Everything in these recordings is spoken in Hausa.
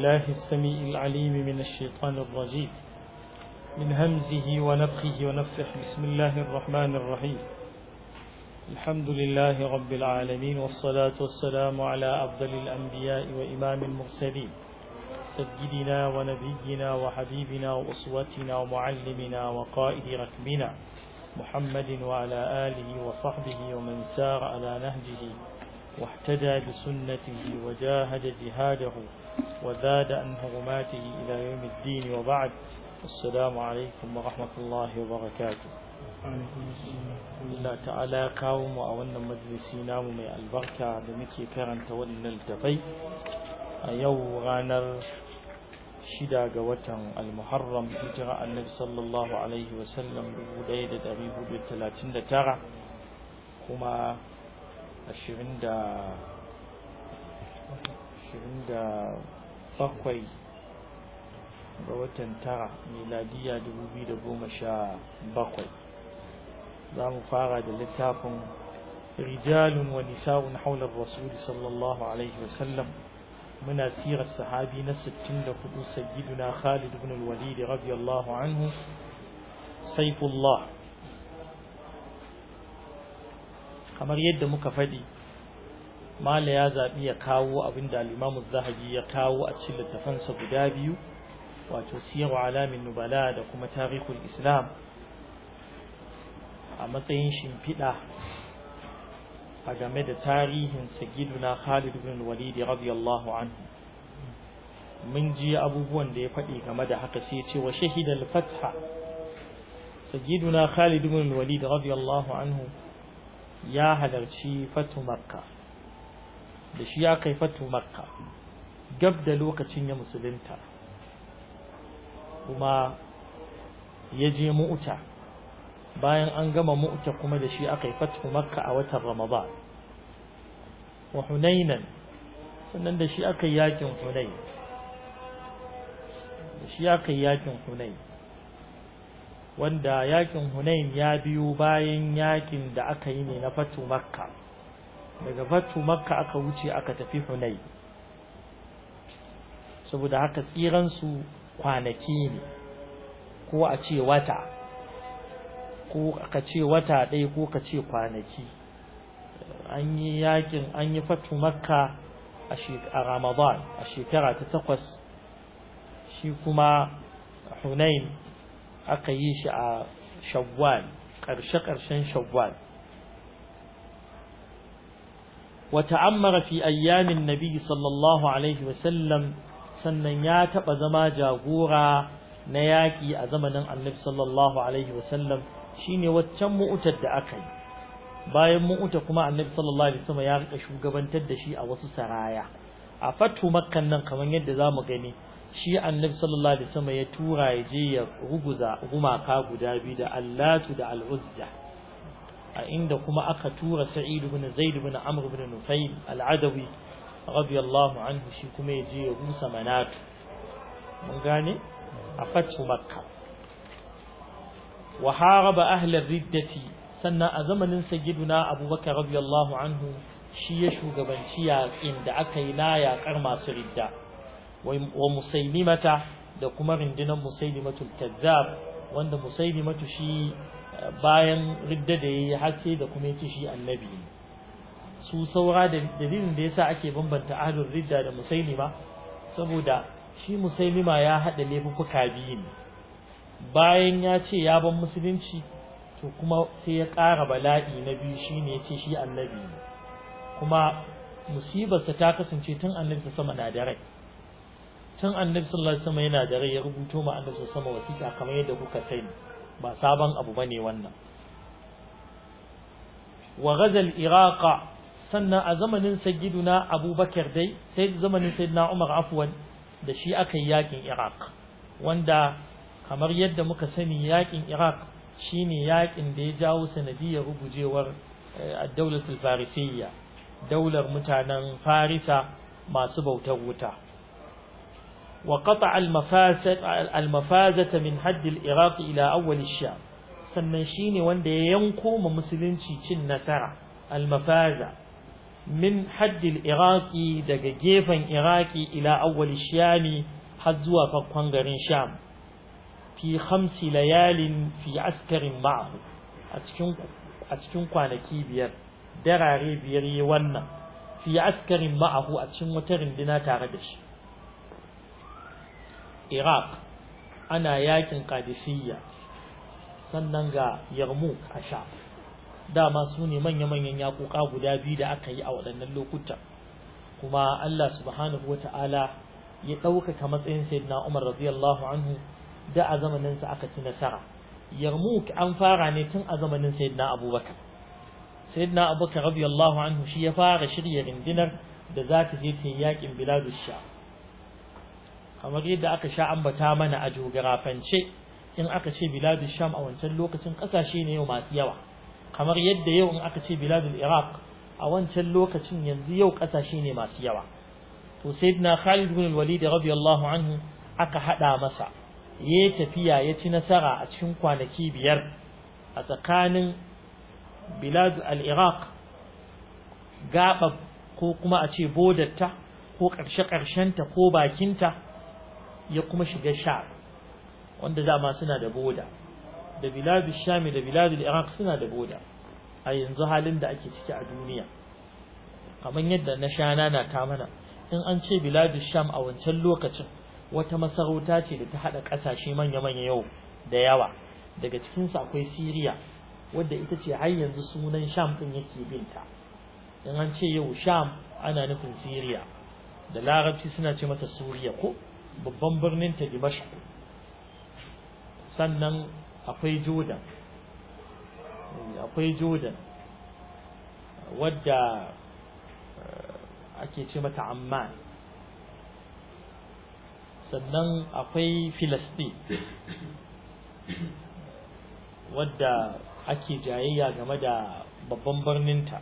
الله السميع العليم من الشيطان الرجيم من همزه ونفخه ونفخه بسم الله الرحمن الرحيم الحمد لله رب العالمين والصلاة والسلام على أفضل الأنبياء وإمام المرسلين سيدنا ونبينا وحبيبنا وأسوتنا ومعلمنا وقائد ركبنا محمد وعلى آله وصحبه ومن سار على نهجه واحتدى بسنته وجاهد جهاده وزاد عن حرماته إلى يوم الدين وبعد السلام عليكم ورحمة الله وبركاته Allah ta'ala kawo mu a wannan majalisi namu mai albarka da muke karanta wannan littafai a yau ranar shida ga watan al-muharram hijira annabi sallallahu alaihi wa sallam 1439 kuma 20 da ashirin da bakwai ga watan tara miladiya dubu biyu da goma sha bakwai za mu fara da littafin rijalun wa nisa'un haular rasuli sallallahu alaihi wasallam muna sirar sahabi na 64 sayyiduna khalid ibn al-walid radiyallahu anhu saifullah kamar yadda muka faɗi mala ya zaɓi ya kawo abin da limamu zahabi ya kawo a cikin littafansa guda biyu wato siyar alamin nubala da kuma tarihul islam a matsayin shimfiɗa a game da tarihin sagiduna khalid bin Walid radiyallahu anhu mun ji abubuwan da ya faɗi game da haka sai ce wa shahidal fatha sagiduna khalid bin Walid radiyallahu anhu ya halarci fatu da shi ya kai fatu makka gab da lokacin ya musulunta kuma ya je mu'uta bayan an gama mu'uta kuma da shi aka yi fatu makka a watan ramadan wa hunainan sannan da shi aka yi yakin hunain da shi aka yi yakin hunain wanda yakin hunain ya biyo bayan yakin da aka yi ne na fatu makka daga fatu makka aka wuce aka tafi hunai saboda haka tsiransu kwanaki ne ko a ce wata ko ka ce wata ɗaya ko ka ce kwanaki an yi yakin an yi fatu makka a ramadan a shekara ta takwas shi kuma hunain aka yi shi a shawwal ƙarshe-ƙarshen shawwal وتعمر في أيام النبي صلى الله عليه وسلم sannan ya taɓa zama jagora na yaƙi a zamanin annabi sallallahu alaihi wasallam shine waccan mu'utar da aka yi bayan mu'uta kuma annabi sallallahu alaihi wasallam ya rika shugabantar da shi a wasu saraya a fatu makkan nan kamar yadda za mu gani shi annabi sallallahu alaihi wasallam ya tura ya je ya ruguza gumaka guda biyu da allatu da al'uzza a inda kuma aka tura sa'id ibn zaid ibn amr ibn nufayl al radiyallahu anhu shi kuma ya je ya rusa manat mun gane a fatu makka wa haraba ahlar riddati sannan a zamanin sayyiduna abubakar radiyallahu anhu shi ya shugabanci yaƙin da aka yi na yaƙar masu ridda wa musailimata da kuma rundunar musailimatul kazzab wanda musailimatu shi bayan ridda da yayi har da kuma yace shi annabi su saura da dalilin da yasa ake bambanta ahlul ridda da musailima saboda shi musailima ya hada laifuka biyu ne bayan ya ce ya ban musulunci to kuma sai ya ƙara bala'i na biyu shine yace shi annabi ne kuma musibarsa ta kasance tun annabi sama na da rai tun annabi sallallahu alaihi wasallam yana da rai ya rubuto ma annabi sama wasiƙa kamar yadda kuka sani ba sabon abu bane wannan wa ghazal iraqa sannan a zamanin sayyiduna abubakar dai sai zamanin sayyidina umar afwan da shi aka yi yakin iraq wanda kamar yadda muka sani yakin iraq shine yakin da ya jawo sanadiyar rugujewar eh, ad farisiyya daular mutanen farisa masu bautar wuta وقطع المفازة, المفازة من حد العراق إلى أول sannan shi ne wanda ya yanko ma musulunci cin nasara almafaza min haddil iraki daga gefen iraki ila awwal shami har zuwa farkon garin sham fi khamsi layalin fi askarin ma'ahu a cikin kwanaki biyar darare biyar yi wannan fi askarin ma'ahu a cikin wata rinduna tare da shi iraq ana yakin kadisiyya sannan ga yarmouk a sha dama su ne manya-manyan yakuka guda biyu da aka yi a waɗannan lokuta kuma Allah subhanahu wata'ala ya ɗaukaka matsayin sayyidina Umar radiyallahu anhu da a zamaninsa aka ci nasara yarmouk an fara ne tun a zamanin sayyidina abubakar sayyidina abubakar radiyallahu anhu shi ya fara shirya rindinar da za ta je ta yakin biladus sha kamar yadda aka sha ambata mana a jogirafance in aka ce biladu sham a wancan lokacin kasashe ne yau masu yawa kamar yadda yau in aka ce biladul iraq a wancan lokacin yanzu yau kasashe ne masu yawa to sayyidina khalid bin walid radiyallahu anhu aka hada masa ya tafiya ya ci nasara a cikin kwanaki biyar a tsakanin bilad al-iraq gaba ko kuma a ce bodarta ko ƙarshe ta ko bakinta ya kuma shiga sha wanda dama suna da boda da biladu shami da biladu iraq suna da boda a yanzu halin da ake ciki a duniya kamar yadda na shana na ta mana in an ce biladu sham a wancan lokacin wata masarauta ce da ta hada kasashe manya-manya yau da yawa daga cikin su akwai Syria wadda ita ce har yanzu sunan Sham din yake binta in an ce yau Sham ana nufin Syria da larabci suna ce mata Suriya ko babban birnin ta dimashq sannan akwai jordan eh, akwai wadda eh, ake ce mata amma sannan akwai filasti wadda ake jayayya game da babban birninta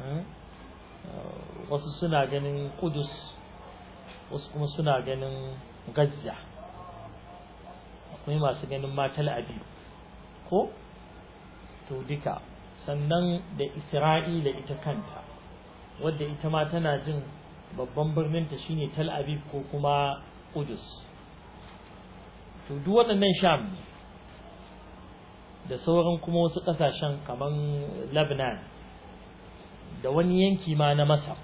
eh, wasu suna ganin kudus wasu kuma suna ganin gajiya akwai masu ganin ma abi ko to duka sannan da isra'ila ita kanta wadda ita ma tana jin babban birninta shine tal abib ko kuma kudus to duk waɗannan sham da sauran kuma wasu ƙasashen kamar lebanon da wani yanki ma na masar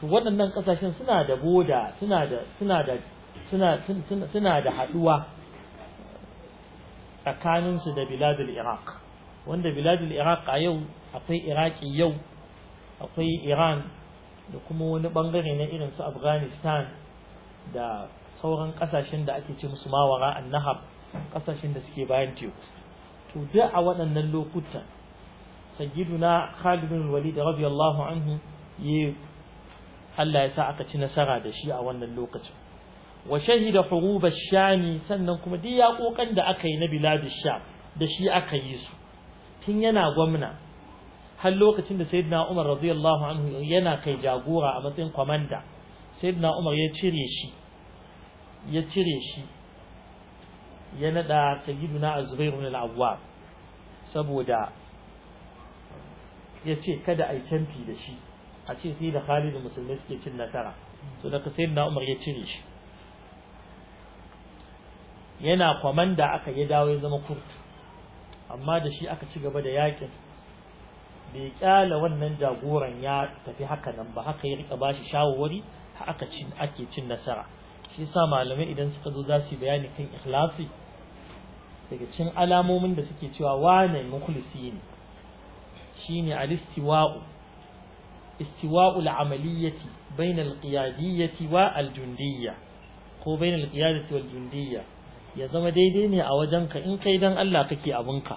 to waɗannan ƙasashen suna da boda suna da suna da suna suna suna da haɗuwa tsakaninsu da biladul iraq wanda biladul iraq a yau akwai iraki yau akwai iran da kuma wani bangare na irin su afghanistan da sauran ƙasashen da ake ce musu mawara annahab kasashen da suke bayan teku to da a waɗannan lokutan sayyiduna khalid bin walid radiyallahu anhu ya Allah ya sa aka ci nasara da shi a wannan lokacin wa shahida hurub ash-sham sannan kuma duk yakokan da aka yi na bilad ash-sham da shi aka yi su tun yana gwamna har lokacin da sayyidina Umar radiyallahu anhu yana kai jagora a matsayin komanda sayyidina Umar ya cire shi ya cire shi ya nada sayyiduna Az-Zubair ibn al-Awwab saboda ya ce kada a yi canfi da shi a ce sai da Khalid Musulmi suke cin nasara so daga na Umar ya cire shi yana kwamanda aka yi dawo ya zama kurtu amma da shi aka ci gaba da yakin bai kyala wannan jagoran ya tafi haka nan ba haka ya rika bashi shawarwari aka ake cin nasara shi sa malamai idan suka zo za su bayani kan ikhlasi daga cin alamomin da suke cewa wane mukhlisi ne shine alistiwa'u bainal العملية بين القيادية والجندية ko bainal qiyadati wal jundiyya ya zama daidai ne a wajenka in kai dan Allah kake abinka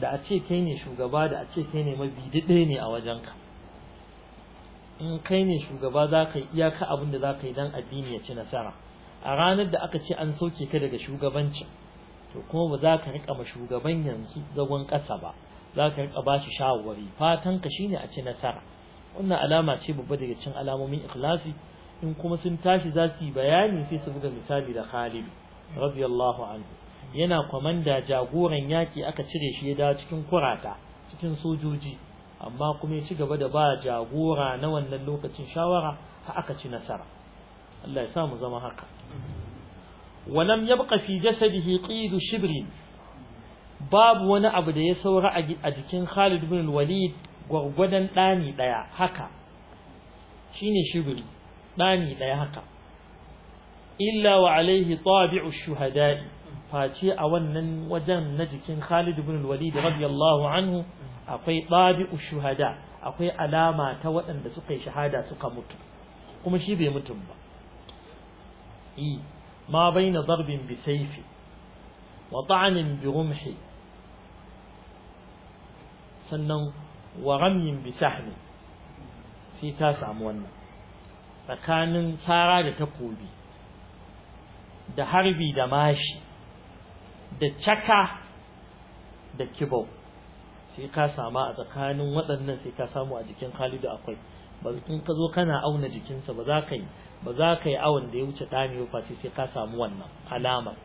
da a ce kai ne shugaba da a ce kai ne mabidide ne a wajenka in kai ne shugaba za ka iyaka abin da za ka yi dan addini ya ci nasara a ranar da aka ce an sauke ka daga shugabanci, to kuma ba za ka rika ma shugaban yanzu zagon ƙasa ba za ka rika ba shi shawarwari fatan ka shine a ci nasara wannan alama ce babba daga cin alamomin ikhlasi in kuma sun tashi za su yi bayani sai su buga misali da Khalid radiyallahu anhu yana kwamanda jagoran yaki aka cire shi ya dawo cikin kurata cikin sojoji amma kuma ya ci gaba da ba jagora na wannan lokacin shawara har aka ci nasara Allah ya sa mu zama haka walam yabqa fi jasadihi qid shibrin babu wani abu da ya saura a jikin Khalid bin Walid gwargwadon ɗani ɗaya haka shine shibiri ɗani ɗaya haka illa wa alaihi tabi'u shuhada'i face a wannan wajen na jikin Khalid ibn al-Walid radiyallahu anhu akwai tabi'u shuhada akwai alama ta waɗanda suka yi shahada suka mutu kuma shi bai mutum ba yi ma baina zarbin bi sayfi wa ta'anin bi rumhi sannan wa ramyin bi sahmi sai ta samu wannan tsakanin tsara da takobi da harbi da mashi da chaka da kibo sai ka samu a tsakanin waɗannan sai ka samu a jikin Khalidu akwai ba in ka zo kana auna jikinsa ba za ka yi ba za ka yi awon da ya wuce ɗami ba sai ka samu wannan alama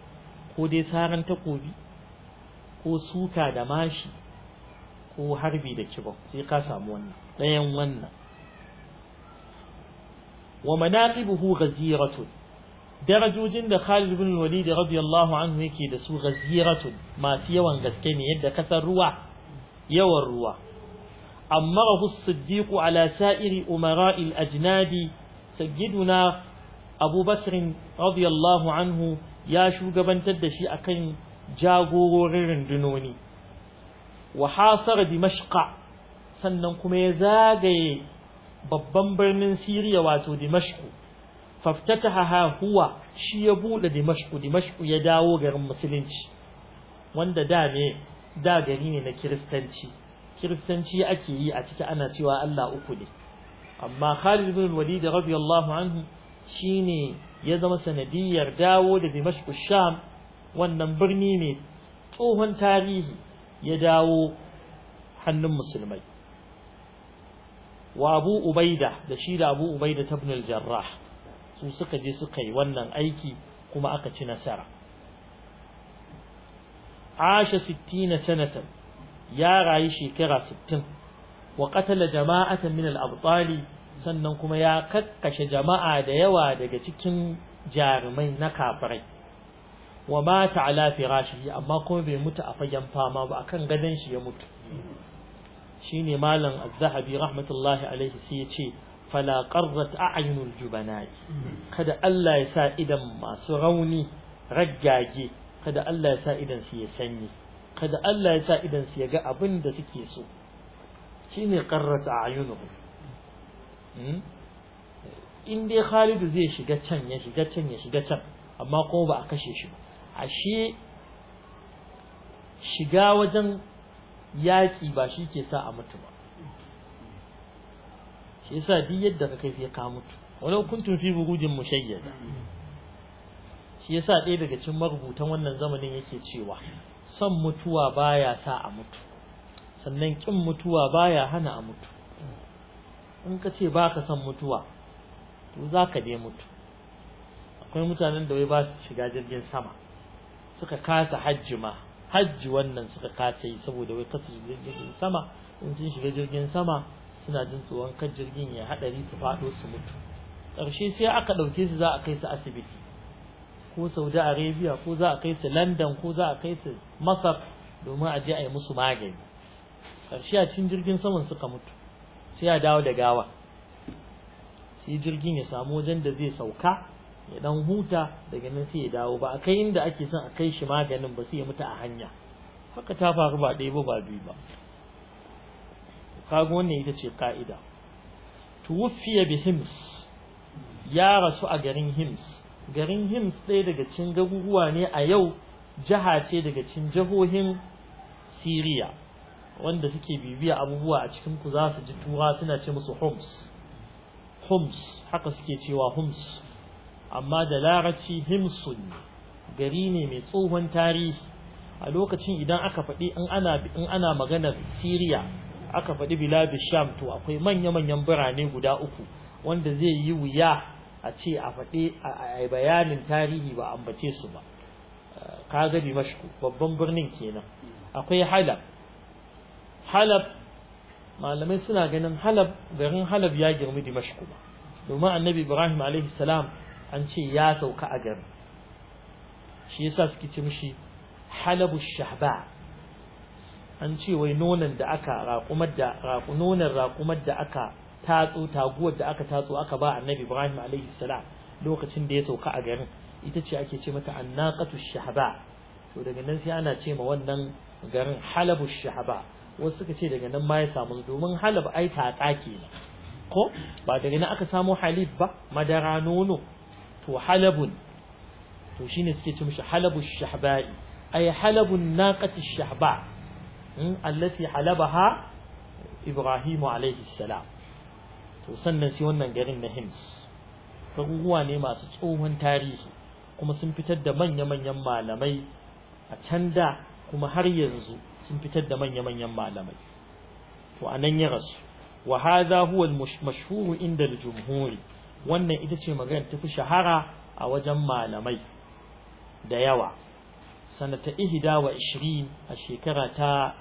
ko dai saran takobi ko suka da mashi ko harbi da kibon sai ka samu wannan ɗayan wannan wa manaqibuhu ghaziratun darajojin da Khalid ibn Walid radiyallahu anhu yake da su ghaziratun ma fi yawan gaske ne yadda kasar ruwa yawan ruwa amma rahu siddiq ala sa'iri umara'i al-ajnabi sayyiduna Abu Bakr radiyallahu anhu ya shugabantar da shi a kan jagororin rundunoni wa hasara sannan kuma ya zagaye babban birnin Siriya wato Dimashku faftataha huwa shi ya bude Dimashku Dimashku ya dawo garin musulunci wanda da ne da gari ne na kiristanci kiristanci ake yi a ciki ana cewa Allah uku ne amma Khalid ibn Walid radiyallahu anhu shine ya zama sanadiyar dawo da Dimashku Sham wannan birni mai tsohon tarihi ya dawo hannun musulmai wa abu ubaida da shi da abu ubaida ta ibn jarrah su suka je suka yi wannan aiki kuma aka ci nasara asha 60 sanatan ya rayu shekara 60 wa qatala jama'atan min al sannan kuma ya kakkashe jama'a da yawa daga cikin jarumai na kafirai wa mata ala firashi amma kuma bai mutu a fagen fama ba akan gadon shi ya mutu shine malam az-zahabi rahmatullahi alaihi sai ya ce fala qarrat a'yunul jubanai kada Allah ya sa idan masu rauni raggage kada Allah ya sa idan su ya sanye kada Allah ya sa idan su ya ga abin da suke so shine qarrat a'yunuhum hmm? in dai Khalidu zai shiga can ya shiga can ya shiga can amma kuma ba a kashe shi ba ashe shiga wajen yaƙi ba shi ke sa a mutu ba shi yasa duk yadda ka kai fiye ka mutu wani hukuntun fi burujin mushayyada shi yasa ɗaya daga cikin marubutan wannan zamanin yake cewa son mutuwa baya sa a mutu sannan kin mutuwa baya hana a mutu in ka ce ba ka son mutuwa to ka dai mutu akwai mutanen da wai ba su shiga jirgin sama suka kasa hajji ma hajji wannan suka kasa yi saboda wai kasa jirgin sama in sun shiga jirgin sama suna jin tsoron kan jirgin ya haɗari su faɗo su mutu ƙarshe sai aka ɗauke su za a kai su asibiti ko saudi arabia ko za a kai su london ko za a kai su masar domin a je a yi musu magani ƙarshe a cikin jirgin saman suka mutu sai a dawo da gawa sai jirgin ya samu wajen da zai sauka ya dan huta daga nan sai ya dawo ba a kai inda ake son a kai shi maganin ba sai ya mutu a hanya haka ta faru ba ɗaya ba ba biyu ba kaga wannan ita ce ka'ida tuwfiya bi hims ya rasu a garin hims garin hims ɗaya daga cin garuruwa ne a yau jiha ce daga cin jihohin siriya wanda suke bibiya abubuwa a cikin ku za su ji tura suna ce musu homs homs haka suke cewa homs amma da larabci himsun gari ne mai tsohon tarihi a lokacin idan aka faɗi in ana magana maganar Syria aka faɗi biladu Sham to akwai manya-manyan birane guda uku wanda zai yi wuya a ce a faɗi a bayanin tarihi ba ambace su ba Ka gabi Dimashku babban birnin kenan akwai Halab Halab malamai suna ganin Halab garin Halab ya girmi Dimashku ba domin Annabi Ibrahim alaihi salam an ce ya sauka a gari shi yasa suke ce mishi halabu shahba an ce wai nonon da aka raƙumar da raƙu nonon raƙumar da aka tatso taguwar da aka tatso aka ba annabi Ibrahim alayhi salam lokacin da ya sauka a garin ita ce ake ce mata annaqatu shahba to daga nan sai ana ce ma wannan garin halabu shahba wasu suka ce daga nan ma ya samu domin halab ai tatsa kenan ko ba daga nan aka samu halib ba madara nono to halabun to ne suke ce mishi halabu shahba'i ai halabun naqati shahba hmm, allati halabaha ha ibrahimu salam to sannan sai wannan garin na Hims garuruwa ne masu tsohon tarihi kuma sun fitar da manya-manyan malamai a can da kuma har yanzu sun fitar da manya-manyan malamai to anan ya rasu wa hadha huwa al inda al-jumhuri wannan ita ce magana ta fi shahara a wajen malamai da yawa sanata ihda wa ishirin a shekara ta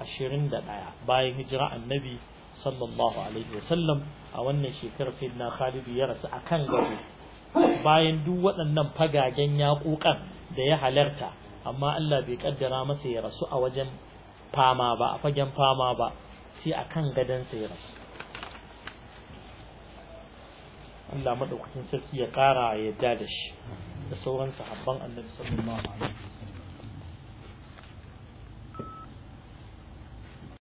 ashirin da bayan hijira annabi sallallahu alaihi wasallam a wannan shekarar sai na khalidu ya rasu akan gado bayan duk waɗannan fagagen yaƙoƙan da ya halarta amma Allah bai kaddara masa ya rasu a wajen fama ba a fagen fama ba sai akan gadansa ya rasu Allah madaukakin sarki ya kara yarda da shi da sauran sahabban Annabi sallallahu alaihi wasallam